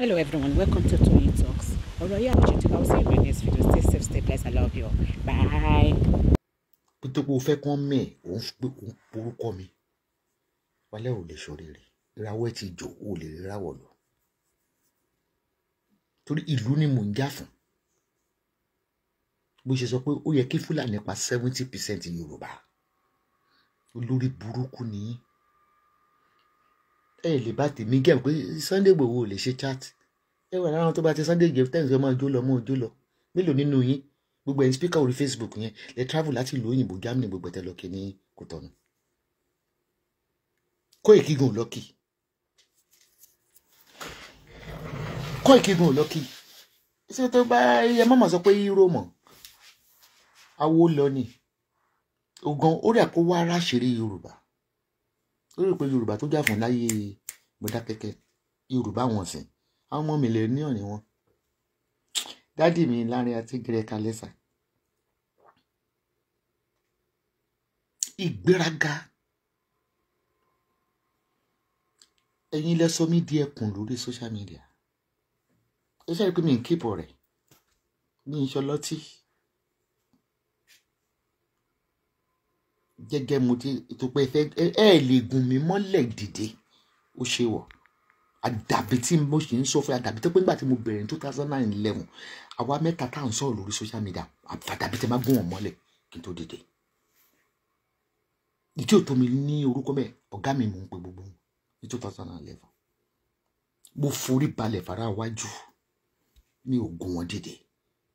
Hello everyone, welcome to Toyeen Talks. Ọ̀rọ̀ yà ọ̀jọ̀ tí wàá sí ìrìn next video stay safe stay blessed I love you bye. Pétépo fẹ́ kán mẹ́ òun pé òun porúkọ mi. Wálé ò lè ṣoríire, ìràwọ̀ ẹ̀ ti jò ó lè ríràwọ̀ lọ. Torí ìlú ni mò ń jà fún. Bó ṣe sọ pé ó yẹ kí Fúlàní pa seventy percent Yorùbá. Olórí burúkú nìyí ẹ lè bá tèmi gẹ̀ pé Sunday Igboho ò lè ṣe chat ẹ wà láwọn tó bá ti Sunday Igboho tẹ̀sí ọmọ ọjọ́ lọ mọ́ ọjọ́ lọ mélòó nínú yín gbogbo ẹ̀yin speaker orí Facebook yẹn lè travel láti ìlú òyìnbó Germany gbogbo ẹ̀tẹ̀ lọ́kì ní Kòtọ́nù Koiki gan lọ́kì Koiki gan lọ́kì ṣé tó bá ẹ má mà sọ pé hero mọ̀ awo lọ ni ogan ó rẹ̀ kó wá ráṣìírí Yorùbá ó rò pé yorùbá tó jà fún láyé Mọdákẹ́kẹ́ yorùbá wọn sìn àwọn ọmọ mi lè ní ọ̀nì wọn dádì mi láàrin àti gírẹ́ka lẹ́sà ìgbéraga ẹ̀yin lẹ sọ di ẹkùn lórí social media ẹ ṣe é pé mi ń kíbọ̀ rẹ̀ mi ń ṣọlọ́tì. gẹ́gẹ́ mo ti tó pé fẹ́ ẹ lè gùn mí mọ́lẹ̀ dìde ó ṣe wọ̀ àdàbí tí mo ṣe ń sọ fún àdàbí tó pé nígbà tí mo bẹ̀rẹ̀ ní two thousand and eleven àwa mẹ́ta tá à ń sọ̀rọ̀ lórí social media àdàbí tí máa gún wọn mọ́lẹ̀ kí n tó dìde ìdí òtó mi ní orúkọ mẹ́ ọ̀gá mi mò ń pe gbogbo ní two thousand and eleven mo forí balẹ̀ fara wájú mi ò gún wọn dìde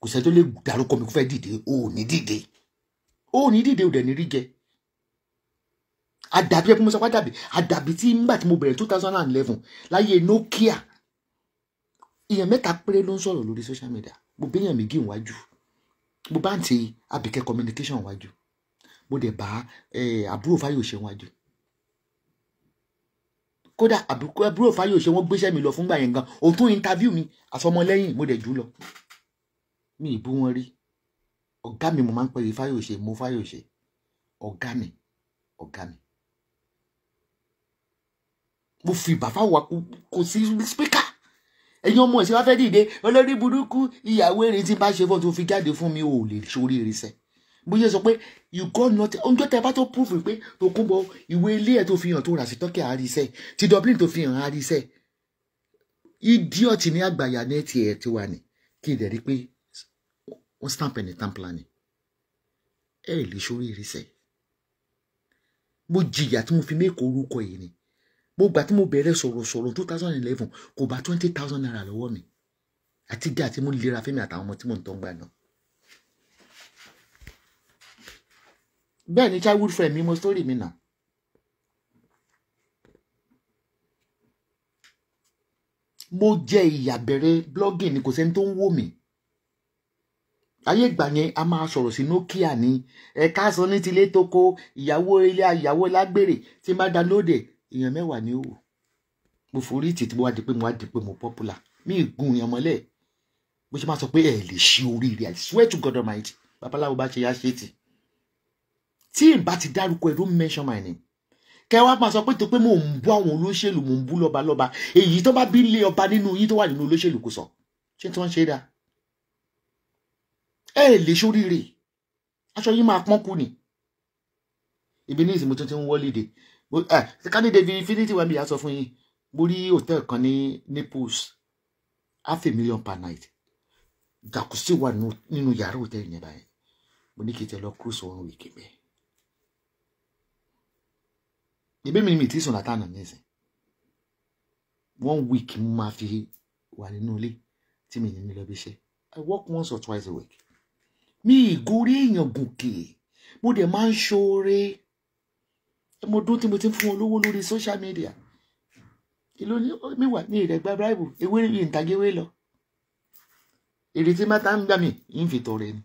kò sẹ́ni tó lè dárúkọ mi kó fẹ́ dìde ò ní dìde ò ní dìde ò dẹ̀ ní rí jẹ àdàbí ẹ fún mi sọ pé àdàbí àdàbí tí nígbà tí mo bẹ̀rẹ̀ two thousand and eleven láyé Nokia èèyàn mẹ́ta péré ló ń sọ̀rọ̀ lórí social media mo bẹ èèyàn méjì wájú mo bá ń ti Àbíkẹ́ communication wájú mo dẹ̀ bá àbúrò Fáyọ̀ṣe wájú kódà àbúrò Fáyọ̀ṣe wọ́n gbéṣẹ́ mi lọ fúngbà yẹn gan òun tún interview mi àsọmọlẹ́yìn mo dẹ̀ jù lọ mi ì bú wọn rí ọ̀gá mi mo máa ń pè é Fáyọ̀ṣe mo Fáyọ̀ṣe ọ̀gá mi ọ̀gá mi mo fi bàbá wa kò sí spíkà ẹ̀yin ọmọ ìṣe wàá fẹ́ dìde olórí burúkú ìyàwó èrè tí bá ṣe fọ́ tó fi jáde fún mi ò lè sórí èrè bó ṣe sọ pé you go not oúnjẹ tẹ bá tó proof pé tó kún bọ ìwé ilé ẹ̀ tó fi hàn tó rà sí tọ́kì àríṣẹ́ ti Dublin tó fi hàn àríṣẹ́ idiot ní àgbàyà ní ẹ̀tì ẹ̀ ti wà ní kí n dẹ̀ rí pé wọ́n stamp ẹni tam plan ni ẹ̀ lè sórí èrè mo jìyà tí mo fi mẹ́kọ̀ọ́ orúkọ yìí ni mo gbà tí mo bẹ̀rẹ̀ sọ̀rọ̀sọ̀rọ̀ two thousand eleven kò bá twenty thousand naira lọ́wọ́ mi àti jẹ́ àti mo lera fẹ́mi àtàwọn ọmọ tí mo ń tán gbà náà. bẹ́ẹ̀ ni childhood friend mi mo story mi nà. mo jẹ ìyà bẹ̀rẹ̀ blogging ni kò sẹ́ni tó ń wò mí ayé ìgbà yẹn a máa sọ̀rọ̀ sí Nokia ní ẹ̀ka sọ ní tilé tó kó ìyàwó ilé ìyàwó lágbèrè tí má dá lóde èèyàn mẹ́wàá ni ó wò mo forí ìtì tí mo wá di pé mo wá di pé mo popular mi gun èèyàn mọ́lẹ̀ bó ṣe máa sọ pé ẹ lè ṣe oríire I swear to God Almighty babaláwo bá ṣe yá ṣe tì tí n bá ti dárúkọ ẹ don't mention my name kẹ wá máa sọ pé tó pé mò ń bú àwọn olóṣèlú mò ń bú lọ́ba lọ́ba èyí tó bá bí lé ọba nínú yín tó wà nínú olóṣèlú kò sọ ṣé tí wọ́n ṣe dá ẹ lè ṣoríire aṣọ yín máa pọ́n kú ni ibi ní ìsìn mo tún ti ń wọ́lídé Eh, kánìdé fi infinity wẹ́mí yà sọ fún yín mo rí hòtẹ́ẹ̀lì kan ní Naples half a million per night jacuzzi wà nínú yàrá hòtẹ́ẹ̀lì yẹn báyìí mo ní kí n tẹ lọ cruise one week bẹ́ẹ̀. ìbí mi ni mi ti sùn látànà nísìn one week mo máa fi wà nínú ilé tí mi ní ní lọ bí iṣẹ́ I work once or twice a week mi ìgórí èèyàn gòkè mo dẹ̀ máa ń ṣoore mo dún tí mo ti ń fún wọn lórí social media ìlú ní míwà ní ìrẹ̀gbá bíráìbù ewé ìntàgéwé lọ èrè tí máta ń gbà mí yín fi tọrẹ ni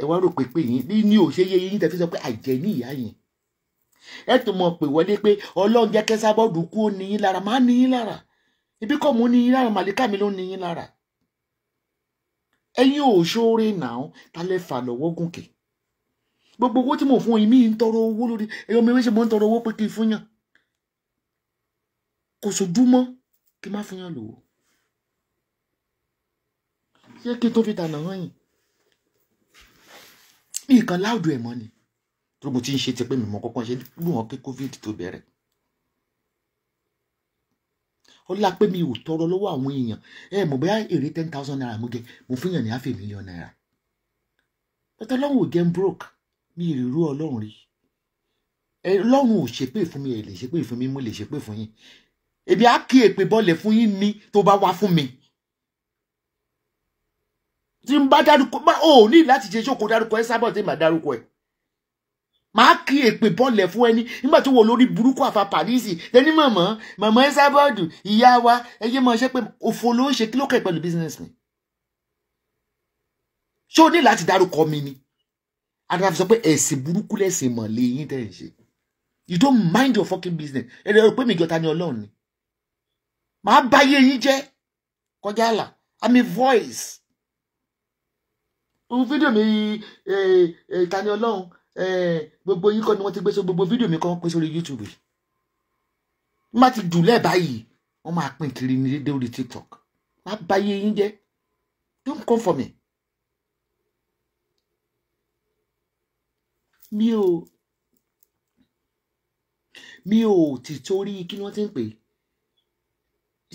ẹ wá rò pé pé yín ní ní òṣèyẹ yín tẹ fi sọ pé àjẹ́ ní ìyá yẹn ẹ tún mọ̀ pé wọlé pé Ọlọ́run jẹ́ kẹsà bọọdù kú ó níyín lára má níyín lára ibi kọ mú níyín lára màlíkà mi ló níyín lára ẹ̀yin òṣòre nàá ta lẹ fà lọ́wọ́ gùnkè gbogbo owó tí mo fún yín mi ń tọrọ owó lórí ẹyọ mi wíṣẹ mo ń tọrọ owó pé kí n fún yàn kò sójúmọ́ kí n má fún yàn lówó ṣé kí n tó fi tànà hàn yín mi kan láàdù ẹ̀ mọ́ ni tó bó ń ṣe ti pé mi mọ́ kọ́kọ́ ṣe lù wọ́n pé covid tó bẹ̀rẹ̀ ó lá pé mi ò tọrọ lọ́wọ́ àwọn èèyàn ẹ mọ̀ bóyá èrè ten thousand naira mo jẹ mo fún yàn ní half a naira pátá lọ́wọ́ ò broke mi ì rírú ọlọ́run rí ẹ ọlọ́run ò ṣépè fún mi ẹ lè ṣépè fún mi mo lè ṣépè fún yín ebi á kí èpè bọ́lẹ̀ fún yín ni tó bá wá fún mi tí n bá dárúkọ ó ní láti ṣe ṣókò dárúkọ ẹ sábà tí màá dárúkọ ẹ màá kí èpè bọ́ọ̀lẹ̀ fún ẹni nígbà tó wọ lórí burúkú àfa pàdísì lẹni mọ̀mọ́ mọ̀mọ́ Esabod ìyá wa ẹyẹ mọ̀ ṣe pé òfò ló ń ṣe kí ló kẹ̀ pẹ̀lú business mi ṣé o ní láti dárúkọ mi ni adúlá fi sọ pé ẹ̀sìn burúkú lẹ́sìn mọ̀ lé yín tẹ̀ ṣe you don't mind your fucking business ẹ̀rọ rẹ̀ pé mi ìjọta ni ọlọ́run ni màá bà ayé yín jẹ́ kọjá àlà i'm a voice ohun fídíò mi ìta ni ọlọ́run gbogbo yín kọ́ ni wọ́n ti gbé so gbogbo fídíò mi kọ́ wọ́n pín sórí youtube má ti dùlẹ̀ báyìí wọ́n máa pín kiri ní dédé orí tiktok má bà ayé yín jẹ́ don't come for me. mi ò mi ò ti torí kí wọ́n ti ń pè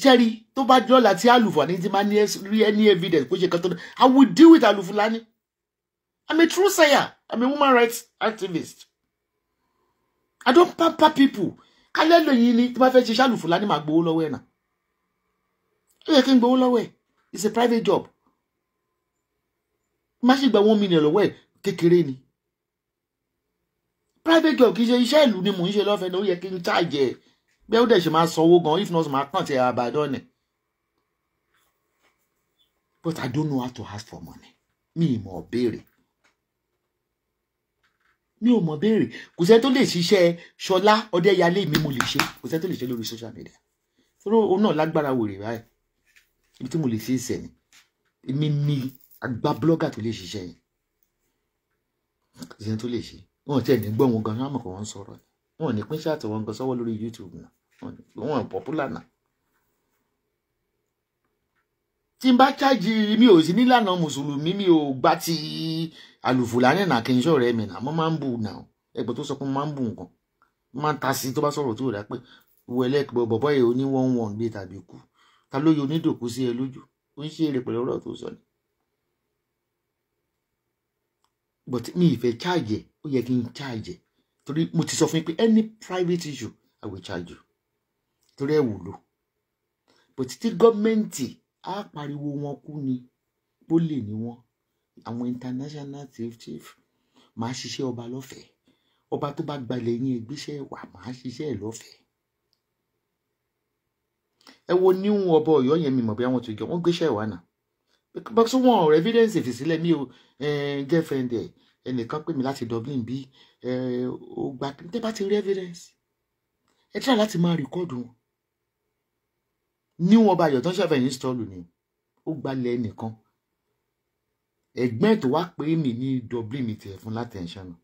sẹ́rí tó bá dọ́là tí àlùfààní ti máa rí any evidence kó ṣe kan tó dé I will deal with àlùfààní I'm a true sayer I'm a woman rights activist I don't pamper people kálẹ̀ lóyìn ni tí wọ́n fẹ́ ṣiṣẹ́ àlùfààní máa gbowó lọ́wọ́ ẹ̀ náà ó yẹ kí n gbowó lọ́wọ́ ẹ̀ it's a private job má ṣe gba one million lọ́wọ́ ẹ̀ kékeré ni private job kì í ṣe iṣẹ́ ìlú ni mò ń ṣe lọ́fẹ̀ẹ́ ló yẹ kí n charge bẹ́ẹ̀ ó dẹ̀ ṣe máa sanwó gan if not máa kàn ti àbàdàn ni but I don't know how to ask for money mi ì mọ̀ béèrè mi ò mọ̀ béèrè kò sẹ́ tó lè ṣiṣẹ́ ṣọlá ọdẹ́yàlé mi mo lè ṣe kò sẹ́ tó lè ṣe lórí social media fúró òun náà lágbára wèrè báyìí ibi tí mo lè ṣe é sẹ̀ ni èmi ni àgbà blogger tó lè ṣiṣẹ́ yẹn kò sẹ́ tó lè ṣe é wọn tiẹ̀ ní gbọ́ wọn gan sáà mọ̀ kó wọ́n sọ̀rọ̀ wọn ní pín ṣáàtì wọn gan sọ́wọ́ lórí YouTube náà wọn pọ́pùlà náà. tí n bá ṣáàjì mi ò sí nílànà mùsùlùmí mi ò gbà ti àlùfùlàní náà kì í ṣọ̀rọ̀ ẹ̀mí náà mo máa ń bù náà ẹgbẹ́ tó sọ pé mo máa ń bù nǹkan mo máa ń ta sí tó bá sọ̀rọ̀ tó rà pé wọ ẹlẹ́gbẹ́ bọ̀bọ́ yìí ó ní wọ́n wọ̀n gbé tàbí kú ta ló yọ onídòkú sí ẹ lójú ó ń ṣe èrè pẹ̀lú ọ̀rọ̀ tó sọ ni. but mi ì fẹ́ ṣáàjì ẹ̀ ó yẹ kí n charge ẹ̀ torí mo ti sọ fún yín pé any private issue I will charge you torí ẹ̀ wúlò but tí gọ́ọ̀mẹ̀ntì á pariwo wọn kú ni bó lè ní wọn àwọn international chief chief máa ṣiṣẹ́ ọba lọ́fẹ̀ẹ́ ọba tó bá gbalẹ̀ yín ẹgbẹ́ṣẹ́ wà máa ṣiṣẹ́ ẹ̀ lọ́fẹ̀ẹ́ ẹ wo níhun ọba Ọ̀yọ́ yẹn mi mọ̀ bí àwọn tó jẹ wọn gbéṣẹ́ wà náà bá tún wọn ọ̀rọ̀ evidence fi sílẹ̀ mi ò eh, girlfriend ẹ̀ ẹnìkan pè mí láti Dublin bí ẹ ó gba tẹ́ bá ti rí evidence ẹ tíra láti máa rìkọ́ọ̀dù wọn níwọ̀n bá ayọ̀ tó ń ṣẹ̀fẹ̀ yín stọ́ọ̀lù ni ó gbalẹ̀ ẹnìkan ẹ̀gbọ́n ẹ̀ tó wá pé mi ní Dublin mi tiẹ̀ fún látẹ̀ǹṣán nù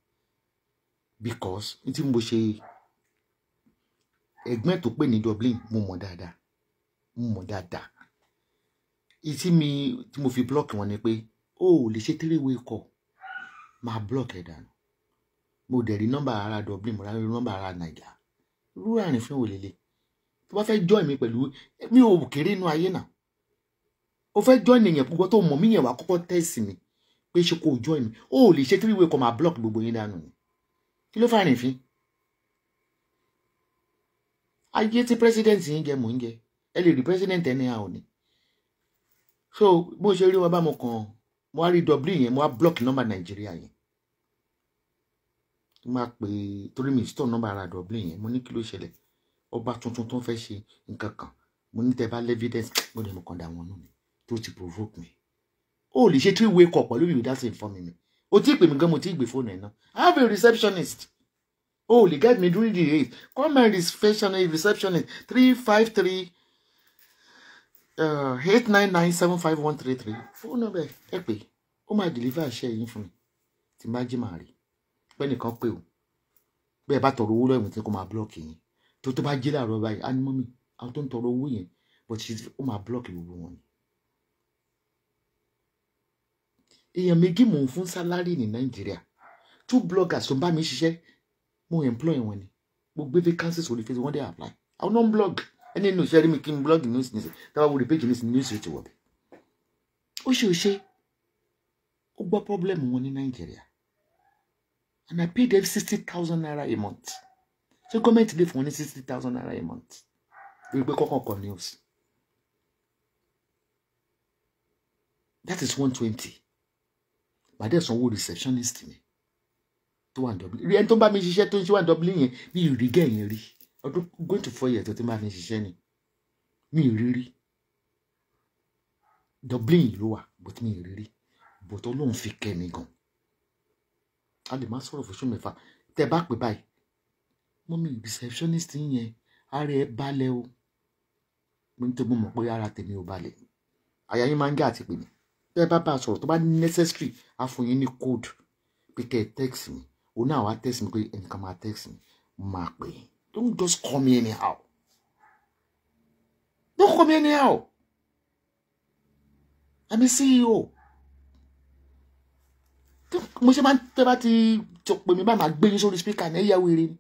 because ní tí mo ṣe ẹ̀gbọ́n ẹ̀ tó pè ní Dublin mo mọ̀ dáadáa mo mọ̀ dáadáa ìtí mi tí mo fi blọọkì wọn ni pé o lè ṣe tẹ́rẹ̀wé kọ̀ máa block ẹ̀ dànù mo dẹ̀ rí nọ́mbà ara Dublin mo rà rí nọ́mbà ara Naija rú àrìnfín wò lélẹ̀ tó bá fẹ́ join mi pẹ̀lú mi ò kéré inú ayé náà o fẹ́ join èèyàn púpọ̀ tó mọ̀ mí yẹn wà kọ́kọ́ tẹ̀sí mi pé ṣe kò join mi o ò lè ṣe three way kọ́ máa block gbogbo yín dànù ni kí ló fà àrìnfín ayé tí president yín jẹ mò ń jẹ ẹ lè rí president ẹni àwọn ni so bó ṣe rí wọn bá mo kàn mo wá rí Dublin yẹn mo wá block nọ́mbà Nàìjíríà yẹn tí máa pè torí mi store number ara Dublin yẹn mo ní kí ló ṣẹlẹ̀ ọba tuntun tó ń fẹ́ ṣe nǹkan kan mo ní tẹ bá levidence mo dẹ̀ mo kàn dà wọn nù mí tó ti provoke mi o lè ṣe three way call pẹ̀lú ìwé dáṣe inform mi o ti pè mí gan mo ti gbé fóònù ẹ̀ náà I have a receptionist o lè get me during the eight call my receptionist receptionist three five three uh, eight nine nine seven five one three three fóònù bẹ́ẹ̀ ẹ pé ó máa deliver àṣẹ yín fún mi tí n jí màá rí pẹ́ nìkan pé o bẹ́ẹ̀ bá tọrọ owó lọ́wọ́ tí kò máa blọ́ọ̀kì yẹn tó tó bá jí láàárọ̀ báyìí á ní mọ́mì àwọn tó ń tọrọ owó yẹn but ó máa blọ́ọ̀kì gbogbo wọn ni. èèyàn méjì mò ń fún sálárì ní nàìjíríà two bloggers tó bá mi ṣiṣẹ́ mo employ wọn ni mo gbé vacancies orí facebook wọ́n dẹ̀ apply àwọn náà ń blog ẹni inú iṣẹ́ rí mi kí n blog news news táwa wo the page news news rate wọ̀ bẹ́ẹ̀ ó ṣe ó ṣe ó gbọ́ problem wọn ní nàìjíríà and I paid them 60,000 naira a month. So government dey for only ní 60,000 naira a month. Ìgbé kọ́kọ́ kan news. That is 120. Bàdé sanwó receptionist mi tó wà ní Dublin. Rí ẹni tó bá mi ṣiṣẹ́ me. ń ṣe wà ní Dublin yẹn mi ì rí gẹ̀yìn going to four years to the máa fi ṣiṣẹ́ ni. Mi ì rí rí. Dublin ló but mi ì rí rí. Bọ̀tọ́ fi kẹ́ mi a lè má sọ̀rọ̀ fún mẹ́fà tẹ́ bá pè báyìí mọ́mí receptionist yẹn ara ẹ balẹ̀ o mo ń tẹ́ mo mọ̀ pé ara tèmi ò balẹ̀ àyà yín máa ń gé àti pè mí tẹ́ bá bá a sọ̀rọ̀ tó bá necessary á fún yín ní code pé text mi òun náà wá text mi pé ẹnìkan máa text mi máa pè é don't just call me anyhow don't call me anyhow I'm a CEO mo ṣe máa ń tẹ́ bá ti jọ pé mi bá máa gbé yín sórí spíkà ní ẹ̀yà wèrè ni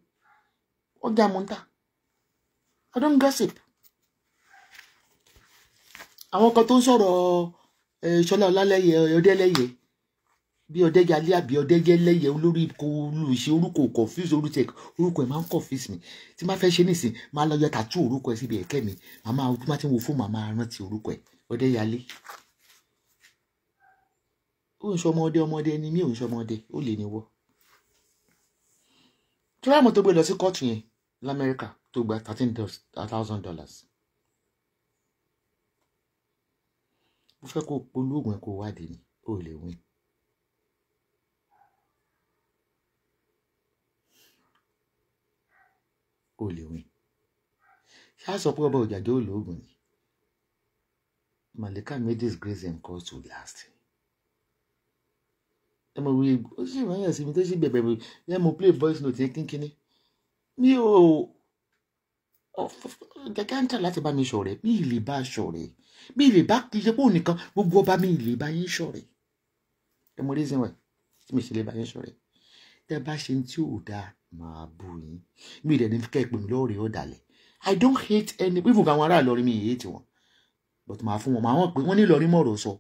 ọjà mo ń tà I don't gossip àwọn kan tó ń sọ̀rọ̀ ṣọlá ọlálẹ́yẹ ọdẹ́lẹ́yẹ bí ọdẹ́yẹlé àbí ọdẹ́yẹlẹ́yẹ olórí kò olùṣe orúkọ confuse orúkọ orúkọ ẹ̀ máa ń confuse mi tí máa fẹ́ ṣe nìsín máa lọ yọ tàtú orúkọ ẹ̀ síbi ẹ̀kẹ́ mi màmá ọdún máa ti wo fóònù màmá rántí orúkọ ẹ̀ ọdẹ́yẹlé ó ń ṣọmọdé ọmọdé ni mí ò ń ṣọmọdé ó lè ní wọ. tíráàmù tó gbé lọ sí kóòtù yẹn lamẹ́ríkà tó gba thirteen thousand dollars. mo fẹ́ kó polówó ẹ̀ kó wádìí ni ó lè win. ó lè win. ṣáà sọ pé ọba òjàjọ́ ò ni. Malika made this grace and to last ẹ mọ̀ wí ó sì ráyà sí mi tó sì bẹ̀bẹ̀ ẹ mọ̀ play voice note yẹn kínkínní mi ò gẹ́gẹ́ ń tà láti bá mi ṣọ̀rẹ́ mi ì lè bá ṣọ̀rẹ́ mi ì lè bá kì í ṣe pé òun nìkan gbogbo ọba mi ì lè bá yín ṣọ̀rẹ́ ẹ mọ̀ reason why tí mi sì lè bá yín ṣọ̀rẹ́ tẹ́ bá ṣe tí ò dáa máa bù yín mi ì dẹ̀ kẹ́ ẹ pè mí lọ́ọ̀rẹ́ ọ̀dàlẹ̀ I don't hate any even àwọn ará Ìlọrin mi ì hate wọn but màá fún wọn màá wọn pé wọn ní Ìlọrin mọ̀rọ̀ sọ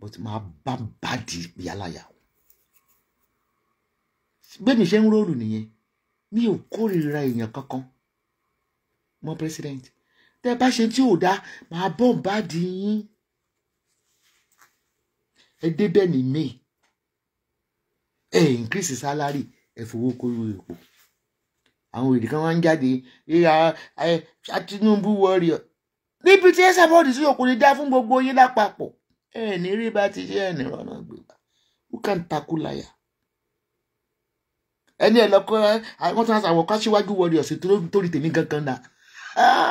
but màá bá bàdì yálàyà wọn gbẹ̀mí ṣe ń róòlù nìyẹn mi ò kórìíra èèyàn kankan mọ́ president tẹ́ bá ṣe tí ò dáa màá bọ̀ bá di yín ẹ débẹ̀ ní may ẹ increase salary ẹ fowó kóró epo àwọn èdè kan wá ń jáde ìyá Tinubu wọrí ọ níbi tí ẹsẹ bọọdù sí òkú ni dá fún gbogbo yín lápapọ̀ ẹ ní rí bá ti ṣe ẹ ní gbé who can tackle liar ẹni ẹ lọkọ ẹ wọn tún àwọn Kasiwaju warriors torí tèmi gangan náà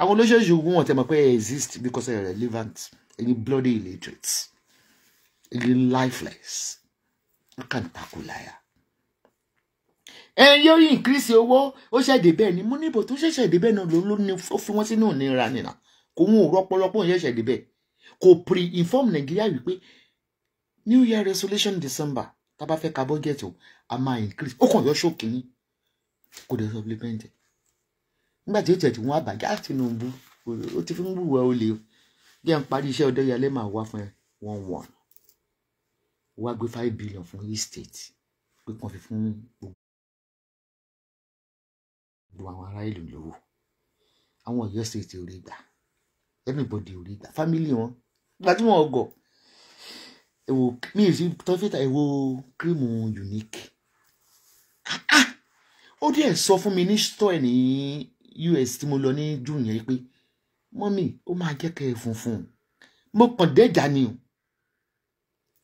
àwọn olóṣèlú wọn tẹ mọ pé ẹ exist because are relevant Any bloody illiterate any lifeless wọn kàn takò láyà ẹyin yóò increase owó ó ṣẹ̀dẹ̀ bẹ́ẹ̀ ni mo níbo tó ṣẹ̀ṣẹ̀ dé bẹ́ẹ̀ náà ló ní ó fi wọ́n sínú ìnira nìyà kò ń rọpọlọpọ ìyẹn ṣẹ̀dẹ̀ bẹ́ẹ̀ kò pre-inform Nàìjíríà wípé New Year resolution December tá a bá fẹ́ ka bọ́jẹ̀tì o a máa increase ó kàn yọ ṣókè yín kò dé supplement ẹ̀ nígbà tí ó tẹ̀ tí wọ́n á bàjẹ́ àtinúbù ó ti fi ń wùwà olè o bí à ń parí iṣẹ́ Ọ̀dẹ́yẹlé máa wá fún ẹ one one wá gbé five billion fún estate pé kàn fi fún gbogbo àwọn ará ìlú lówó àwọn Ọ̀yọ́ state ò rí gbà everybody ò rí gbà family wọn gbàtí wọn ọgọ ẹ wo mi ì fi tọ́fẹ́tà ẹ wo kírìmù unique ah, ah. ó díẹ̀ sọ fún mi ní store ẹ̀ ní US tí mo lọ ní june yẹn pé mọ́mì ó máa jẹ́ kẹ́ ẹ funfun mo kàn dẹ́jà ni o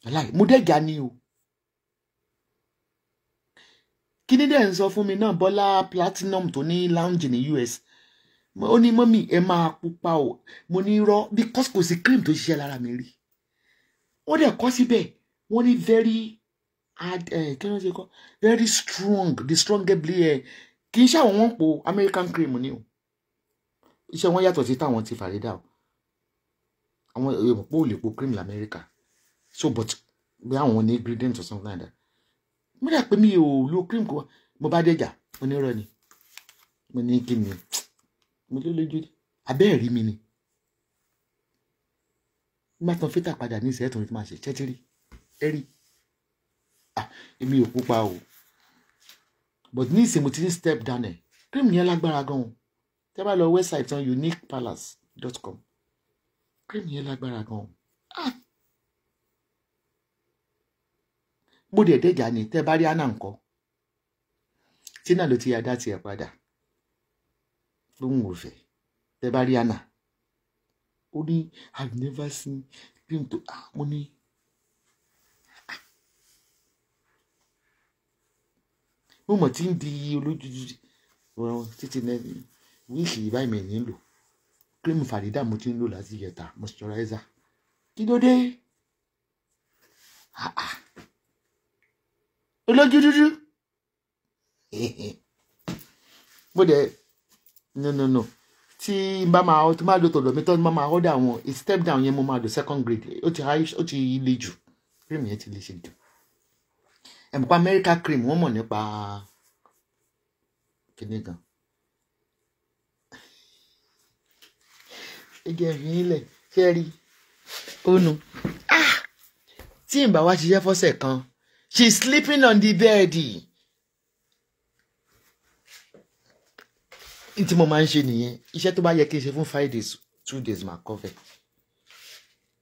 aláì mo dẹ́jà ni o kíní dẹ̀ ń sọ fún mi náà bọ́lá platinum tó ní lounge ní US ó ní mọ́mì ẹ máa pupa o mo ní rọ́ because kò sí cream tó ṣiṣẹ́ lára mi rí ó dẹ̀ kọ́ síbẹ̀ wọ́n ní very hard eh, kí wọ́n ṣe kọ́ very strong the strongest blade kì í ṣàwọn wọn po American cream ni o iṣẹ́ wọn yàtọ̀ sí táwọn ti Farida o àwọn èèyàn pò lè po cream lamẹ́ríkà so but bí àwọn ní ingredient or something like that mo dà pé mi ò lo cream kó mo bá dẹjà onírọ́ ni mo ní kí ni mo ló lójú abẹ́ẹ̀rí mi ni má tán fítà padà ní ìṣẹ́ ẹ̀tùnrin tí máa ṣe ṣẹ́tírí ẹ̀rí èmi ò pupa o but ní ìsìn mo ti ní step down ẹ̀ cream yẹn lágbára gan-an tẹ́ bá lọ website on uniquepalace.com cream yẹn lágbára gan-an mo dẹ̀ dẹ́jà ni tẹ́ bá rí àná nǹkan tí náà ló ti yá dá tiẹ̀ padà lóhùn òfẹ́ tẹ́ bá rí àná ó ní i've never seen film to ah mo ní. mo mọ̀ tí ń di olójújú ọ̀rọ̀ títí nẹ́ẹ̀mí wíìsì báyìí mi nílò kírímù fàrídà mo ti ń lò láti yẹta moisturizer kí ló dé olójú dúdú mo dẹ̀ no no no tí bá máa tí máa lo tọ̀dọ̀ mi tọ́ ni máa order àwọn step down yẹn mo máa lo second grade ó ti high ó ti le jù cream yẹn ti le ṣe jù ẹ̀mọ̀pá America cream wọ́n mọ̀ nípa kíní gan. ege ẹ̀fín ilẹ̀ ṣe rí ònu ah! tí n bá wá ṣiṣẹ́ fọ́sẹ̀ kan she is sleeping on the bed. n tí mo máa ń ṣe nìyẹn iṣẹ́ tó bá yẹ kí n ṣe fún five days two days máa cover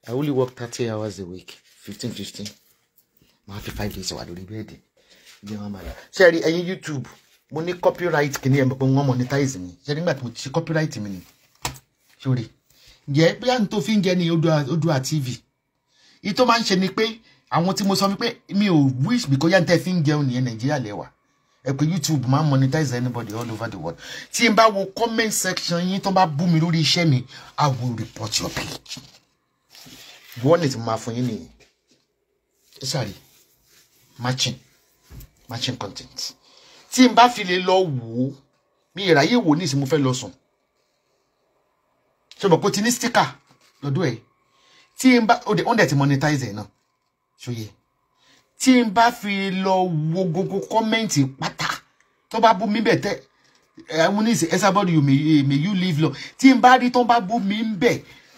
I only work thirty hours a week fifteen fifteen máa fi five days wà lórí bẹ́ẹ̀dì bí wọ́n máa yà ṣe ẹ̀yin YouTube mo ní copyright kìíní ẹ̀ pé wọ́n monetize mi ṣe nígbà tí mo ṣe copyright mi ni sórí jẹ́ bóyá n tó fi ń jẹ́ ní Oòduà TV ìtò máa ń ṣe ni pé àwọn tí mo sọ wípé mi ò wish because yá n tẹ́ fi ń jẹun nìyẹn Nàìjíríà lẹ́wàá ẹ youtube máa monetize anybody all over the world tí n bá wo comment section yín tó bá bú mi lórí iṣẹ́ mi i will report your page wọ́ọ̀lẹ̀ tí mo máa fún yín nìyẹn ẹ matching matching content tí n bá fi lè lọ wò ó mi ìráyè wò ní ìsinmi fẹ́ lọ sùn ṣe mọ̀ pé ó ti ní sticker lọ́dọ̀ ẹ̀ tí n bá ó dẹ̀ monetize ẹ̀ náà ṣòye. So, yeah tí n bá fi lọ wo gbogbo kọ́mẹ́ǹtì pátá tó bá bú mi bẹ̀ tẹ́ àwọn oníṣẹ́ ẹ sábọ́dọ̀ yóò eh, may you live long tí n bá rí tó bá bú mi bẹ̀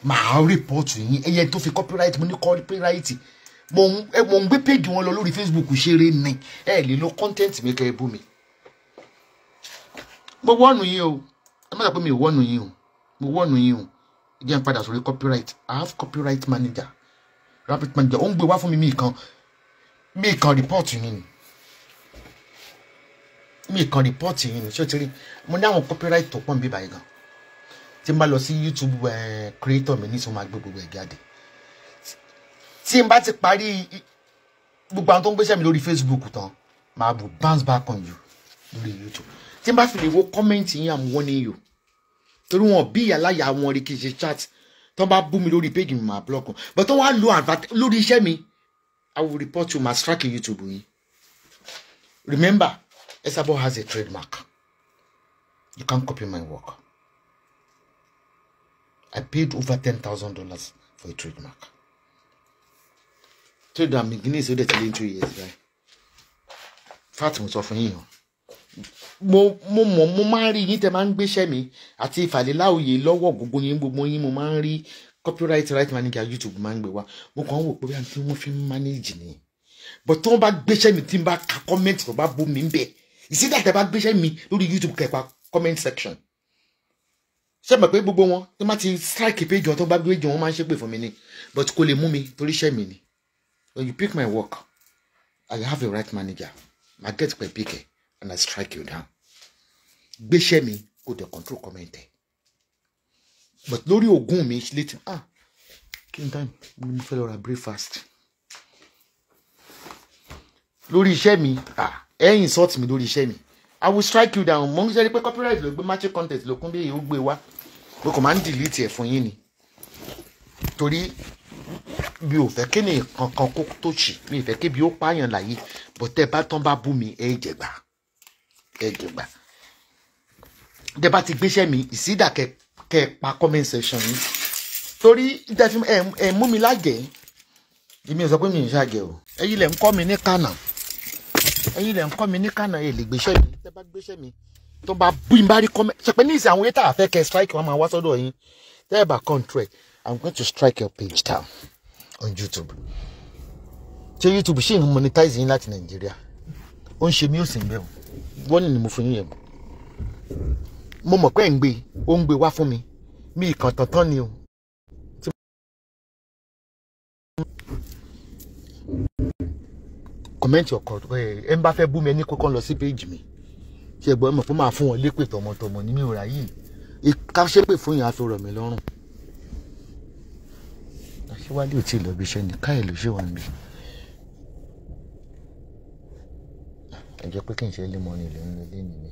màá rìpọ́tù yín ẹyẹ tó fi copyright mo ní copyright mo ń gbé péjì wọn lọ lórí Facebook ṣeré ni ẹ lè lo content mi kẹ́ ẹ bú mi mo wọ́ọ̀nù yín o ẹ má sọ pé mi ò wọ́ọ̀nù yín o mo wọ́ọ̀nù yín o jẹ́ n padà sórí copyright I have copyright manager rapid manager ó ń gbé wá fún mi mí kan mi kan report yín ni mi kan rìpọ́ọ̀tì yín ni ṣé o ti rí mo ní àwọn copyright tó pọ̀ ń bí báyìí gan tí n bá lọ sí YouTube eh, creator mi so máa gbé gbogbo ẹ̀ jáde tí n bá ti parí gbogbo àwọn tó ń gbéṣẹ́ mi lórí Facebook tán máa bù bounce back on you lórí YouTube tí n bá fi lè wo kọ́mẹ́ǹtì yín I'm warning you torí wọn bí ìyàláyà wọn rí kì í ṣe chat tó bá bú mi lórí péjì mi máa block wọn but tó wá lo lórí iṣẹ́ mi I will report you, màá strike YouTube Remember, Esabo has a trademark. You can't copy my work. I paid over ten thousand dollars for a trademark. Trade am beginning so that in two years, right? Fat mo sọ you. Mo mo mo mo marry. ń rí yín be shame ń gbéṣẹ́ mi àti ìfàléláòyè lọ́wọ́ gbogbo yín gbogbo yín mo máa ń rí copyright right manager YouTube máa ń gbé wa mo kàn ń wò pé bí àti wọ́n fi ń manage nìyẹn but tí wọ́n bá gbéṣẹ́ mi tí n bá ka comment tó bá bó mi ń bẹ̀ ìsídà tẹ́ bá gbéṣẹ́ mi lórí YouTube kẹpa comment section ṣé mọ̀ pé gbogbo wọn tí wọ́n ti strike page wọn tó bá gbé jọ wọ́n máa ń ṣépè fún mi ni but kò lè mú mi torí iṣẹ́ mi ni when you pick my work I have a right manager my get pẹ̀ pick and I strike you down gbéṣẹ́ mi kò dẹ̀ control comment ẹ̀ but lórí ògùn mi létí ah kí n time ni mo fẹ́ lọ ra breakfast lórí iṣẹ́ mi ah ẹ insult mi lórí iṣẹ́ mi i will strike you down mo ń ṣe pé copyright ló gbé match content ló kún bí èyí ó gbé wá mo kàn máa ń delete ẹ̀ fún yín ni torí mi ò fẹ́ kéèyàn kankan kó tó ṣì mi ò fẹ́ kébi ó pààyàn láyé bọ́tẹ́ bá tán bá bú mi ẹ jẹ̀gbà ẹ jẹ̀gbà tẹ́ bá ti gbéṣẹ́ mi ìsídàkẹ́ kẹ́ ẹ pa comment section yìí torí ìdájú ẹ mú mi lágẹ̀ẹ́ èmi ò sọ pé mi ò ṣàgẹ̀ o ẹ̀yin lẹ ń kọ́ mi ní kànà ẹ̀yin lẹ ń kọ́ mi ní kànà ẹ lè gbéṣẹ́ mi tẹ́ bá gbéṣẹ́ mi tó bá bú mi bá rí comment ṣẹpẹ́ ní ìsìn àwọn yẹn tá a fẹ́ kẹ́ strike wọn máa wá sọ́dọ̀ yín tẹ́ ẹ bá contract i'm going to strike your page down on youtube ṣé youtube ṣì ń monetize yín láti nàìjíríà ó ń ṣe mí ó sì ń bẹ̀rù wọ́n ní ni mo fún yín yẹn mo mọ̀ pé ẹ̀ ń gbé ó ń gbé wá fún mi mi ìkàn tọ̀tán ni o. kọ́mẹ́ǹtì ọkọ̀ ẹ ń bá fẹ́ bú mi ẹni kọ́kọ́ lọ sí péjì mi ṣe gbọ́ ẹ mọ̀ pé máa fún wọn lépè tọmọtọmọ ní mi ò ráyè ká ṣépè fún yàn fi rọ̀ mí lọ́rùn. aṣíwájú ò tí ì lọ bí iṣẹ́ ni káyọ̀ ló ṣe wà níbi. ẹ jẹ́ pé kí n ṣe lé mọ́ni ìlú ńlẹ̀ lẹ́nu mi.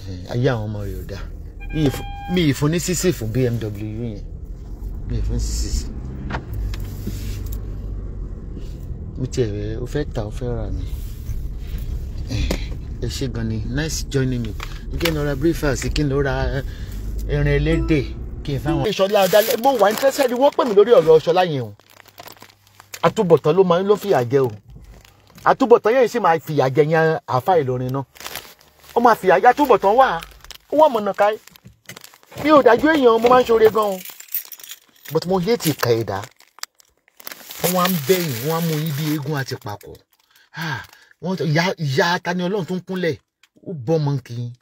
Eh, ayé àwọn ọmọ rẹ̀ ò dáa mi ì fún ní sísì fún BMW yẹn mi ì fún ní sísì mo tiẹ̀ rẹ̀ o fẹ́ ta o fẹ́ rà mí eh, ẹ ṣe gan ni nice joining me kí n lọ ra breakfast kí n lọ ra eh, ẹran ẹlẹ́dẹ̀ kí n fáwọn. ìṣọ̀lá ọ̀dàlẹ̀ mo wà ní tẹ́sán ni wọ́n pè mí lórí ọ̀rọ̀ ọ̀ṣọ́lá yẹn o àtúbọ̀tán ló máa ń ló fìyà jẹ o àtúbọ̀tán yẹn sì máa fìyà jẹyàn àfa Ìlọrin náà ó máa fìyà jẹ àtúbọ̀tán wà ó wà mọ̀nà káyé mi ò dájú èèyàn mo máa ń ṣoore gan o but mo yé ti kà ẹ̀dá wọ́n á ń bẹ̀yìn wọ́n á mú yín bí eégún àti papọ̀ ah, ìyá ìyá Tani Olohun tó ń kúnlẹ̀ ó bọ́ mọ́ kí yín